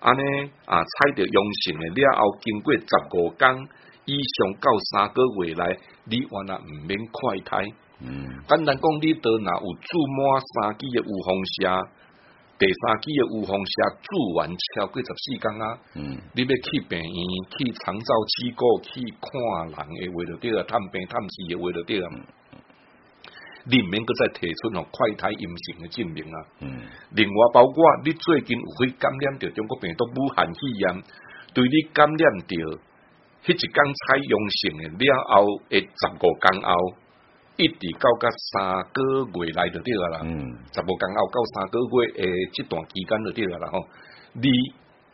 安尼啊，採着陽性嘅，你也要經過十五天以上到個、嗯、三個月內，你原來毋免快篩。簡單講，你到那有注滿三支嘅預防注射，第三支嘅預防注射注完超過十四天啊。嗯、你要去病院、去長照機構、去看人嘅為着啲啊，探病探事嘅為着啲啊。你毋免閣再提出咯，快太陰性嘅證明啊。嗯，另外包括你最近有去感染着中國病毒武漢肺炎，對你感染着迄一工採陽性誒，了後，誒，十五工後，一直到咁三個月內就啲啊啦。嗯，十五工後到三個月誒，即段期間就啲啊啦吼二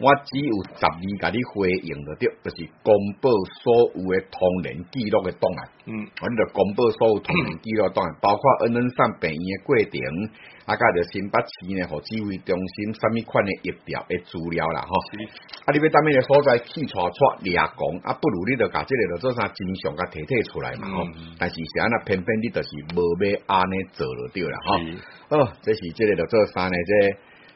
我只有十二甲你回應着着，就是公布所有誒通聯記錄誒檔案。嗯，你着公布所有通聯記錄檔案，包括阮阮送病院誒過程，啊甲着新北市誒和指揮中心什，什物款誒疫苗誒資料啦，吼。是啊，你要對迄個所在起草出掠講，啊不如你就甲即個就做三真相，甲提提出來嘛。哦，嗯嗯但是是安尼，偏偏你就是無要安尼做着着啦。吼。是哦，這是即個就做三誒即。這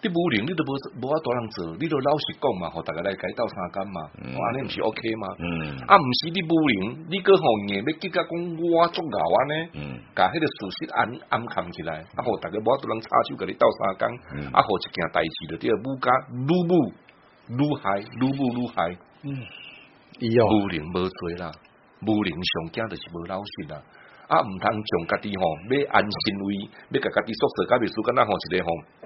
啲武人，你都無無法度通做，你都老實講嘛，和大家嚟解鬥相共嘛，我安尼毋是 OK 嘛？嗯、啊毋是你無能，你擱吼硬要更加講我忠孝呢？啊、嗯，甲迄個事實暗暗藏起來，嗯、啊，和大家無法度通插手，佢哋鬥相共。嗯，啊，和一件代志就啲武家愈武愈害，愈武愈害。害嗯，無能，無錯啦，無能上驚著是無老實啦，啊毋通從家己吼，要安心為，要甲家己宿舍搞別墅咁樣，一個吼？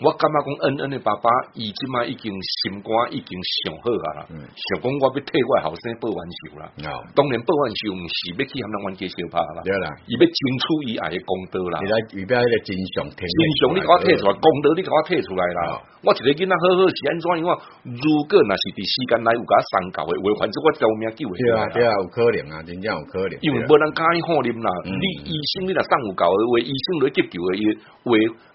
我感覺講，恩恩嘅爸爸，伊即嘛已經心肝已經上好啊啦，想講、嗯、我要替我後生報冤仇啦。好當然報冤仇毋是要去安怎冤家相拍啦。伊要爭取伊愛嘅公道啦。伊家預備迄個真相，真相你甲我提出來，公道、欸、你甲我提出來啦。好我一個囡仔好好，是安怎樣啊？如果若是佇時間內有甲送舊嘅，為反正我叫命名救佢。對啊對啊，有可能啊，真正有可能。啊、因為無人干啉啦，嗯、你醫生嗯嗯你若送有夠嘅，話，醫生嚟急救嘅，為。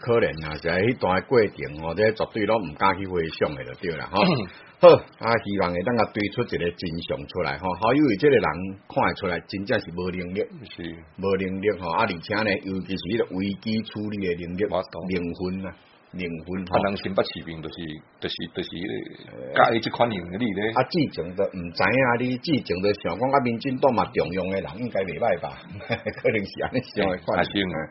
可能啊，就係那段過程哦，這絕對攏毋敢去回想嘅就對啦吼，哦、咳咳好啊，希望會當推出一個真相出來吼。好，因為即個人看得出來，真正是無能力，是無能力吼。啊，而且呢，尤其是迄個危機處理嘅能力，零分啊，零分，啊。可能先不持平，就是就是就是甲伊即款人嘅力咧。啊，之前，啊啊、着毋知影你之前着想講甲民進黨都蠻重要誒人，應該未歹吧？ 可能是安尼想誒，關心誒。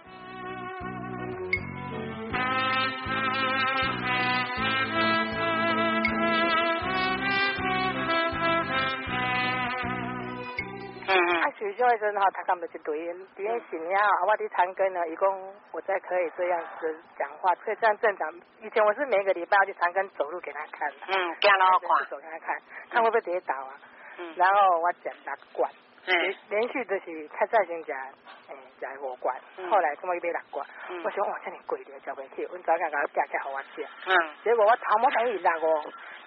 醫生的話，他根本就對，因為現在我的長庚呢，一共我才可以這樣子講話，所以這樣正常。以前我是每個禮拜要去長庚走路給他看，嗯，走路給他看，看會不會跌倒啊？嗯，然後我撿他管，嗯，連續就是七、八天就，哎，就係無管，後來咁、嗯、我又俾他管，我想我真係貴了，就唔去，我早間起來腳我屈，嗯，結果我頭冇等於爛過。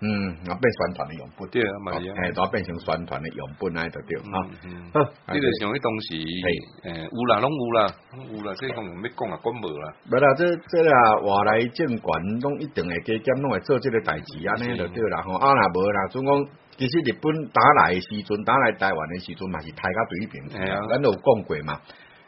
嗯，那變宣傳的樣本對，哎、欸，都變成宣傳的樣本來得對啊。好、嗯，嗯、呵你哋想啲東西，誒、欸，啦攏有啦，攏啦，即講唔咩講啊，講冇啦。冇啦，即即啊外來政權攏一定係加減，攏係做即個代誌，安尼是就對啦。啊，那冇啦，總共其實日本打來的時陣，打來台灣的時陣，嘛是大家對平，咱都講過嘛。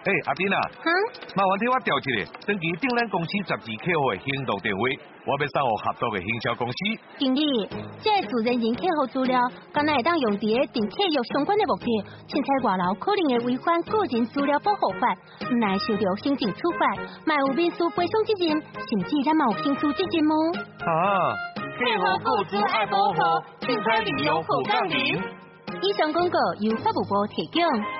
誒，hey, 阿彬啊，嗯、麻煩替我調一下，登記訂咱公司十二客戶的行動定位，我欲三號合作嘅行銷公司。經理，這主人人客戶資料，剛來當用的，定客戶相關的物品，請猜外勞可能嘅違反個人資料保護法，唔來受到行政處罰，賣有民事賠償責任，甚至咱嘛有清除責任哦。啊，客戶告知愛保護，請猜理由好講理。以上公告由發布部提供。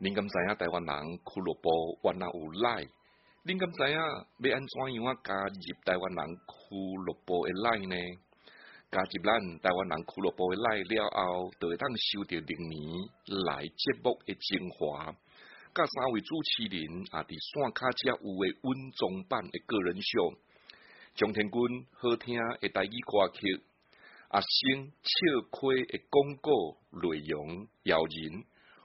您敢知影台灣人俱樂部原來有拉。您敢知啊？要安怎樣啊？加入台灣人俱樂部的拉呢？加入咱台灣人俱樂部的拉了後，就會當收到歷年來節目嘅精華。甲三位主持人啊，佇山腳腳有嘅穩中辦嘅個人秀，張天軍好聽嘅台語歌曲，阿星笑開嘅廣告內容謠人。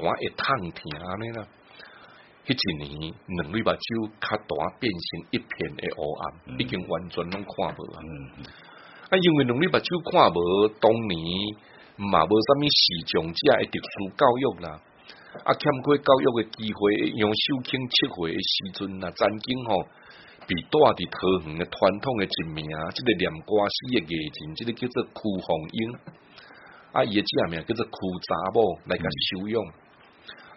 一燙天安尼啦，迄一年，兩蕊目睭較大，變成一片的烏暗，嗯、你已經完全攏看無。嗯、啊，因為兩蕊目睭看無，當年嘛無啥物視障者的特殊教育啦，啊，欠缺教育嘅機會，楊秀清七歲的時陣啊，曾經吼、喔、比大的桃園嘅傳統嘅一名，這個念歌詩嘅藝人，這個叫做苦紅英，啊，也叫啥物叫做苦查某來個收養。嗯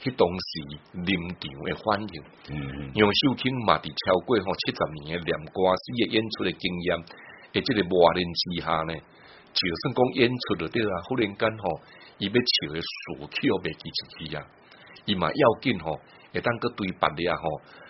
去當時臨場的反應，楊秀清嘛，佇超過吼七十年誒念歌師誒演出誒經驗，而即個磨練之下呢，就算講演出落啲啊，忽然間吼，伊要笑嘅傻笑，袂記一支啊，伊嘛要緊吼，會當閣對白啲啊吼。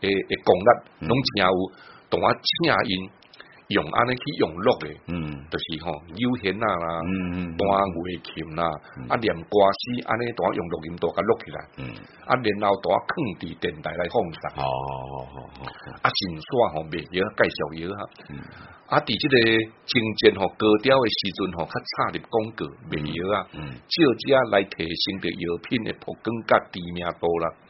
誒誒功力，攏之有我同我請用安尼去用錄誒，嗯，就是嗬、哦，腰啊啦，嗯嗯，彈烏嘅琴啦，嗯、啊連歌詞安尼，同我用錄音都甲錄起來，嗯，啊，然後同囥佇電台嚟放曬，哦哦哦哦，哦啊，陳煞嗬，賣藥介紹藥、嗯、啊？啊、哦，佇即個真正嗬高調誒時陣吼、哦、較插入廣告賣藥啊？嗯，啲遮、嗯、來提升着藥品誒曝光甲知名度啦。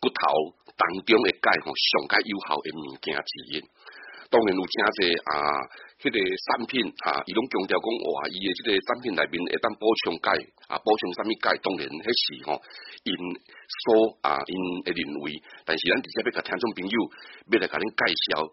骨頭當中嘅鈣吼，上加有效嘅物件之一。當然有誠濟啊，迄、那個產品啊，伊攏強調講哇伊嘅即個產品內面會當補充鈣啊，補充什麼鈣，當然迄是吼。因、哦、所啊，因會認為，但是咱直接要甲聽眾朋友要來甲恁介紹。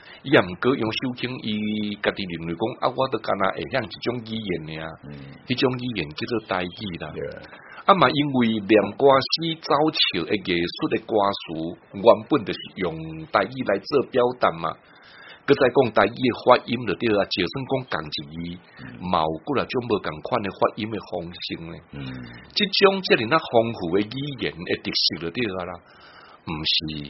伊又毋過用收聽伊家己認為講啊，我都敢若會曉一種語言嘅呀，一、嗯、種語言叫做台語啦。嗯、啊嘛，也因為連貫詩造唱誒，耶穌嘅歌詞原本就是用台語來做表達嘛。閣再講台語嘅發音就啲啦，嗯、也就算講共一字嘛，有骨若種無共款嘅發音嘅方式咧。嗯，即種即係啊豐富嘅語言誒，特色就啊啦，毋是。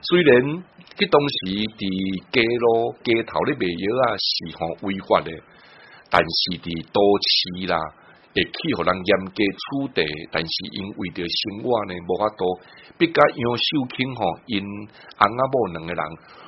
雖然佢當時啲街路、街頭啲賣藥啊是項違法嘅，但是啲都市啦，亦去可能嚴格處理，但是因為條生活呢無法度，比較楊秀清嗬，因紅啊某兩個人。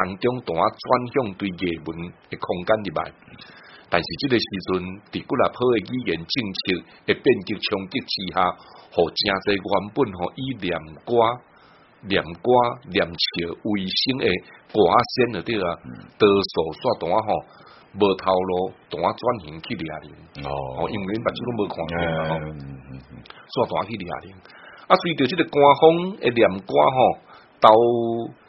當中，當我轉向對日門的空間裏邊，但是這個時陣，佇古來好嘅語言政策嘅變革衝擊之下，吼，正在原本吼以連歌連歌連詞為生嘅寡聲啊，對啊，多數刷單吼無頭路，當我轉型去阿里，哦、嗯，因為恁把這攏無看過啊，刷單、嗯、去阿里，啊，隨着這個官方嘅連歌吼到。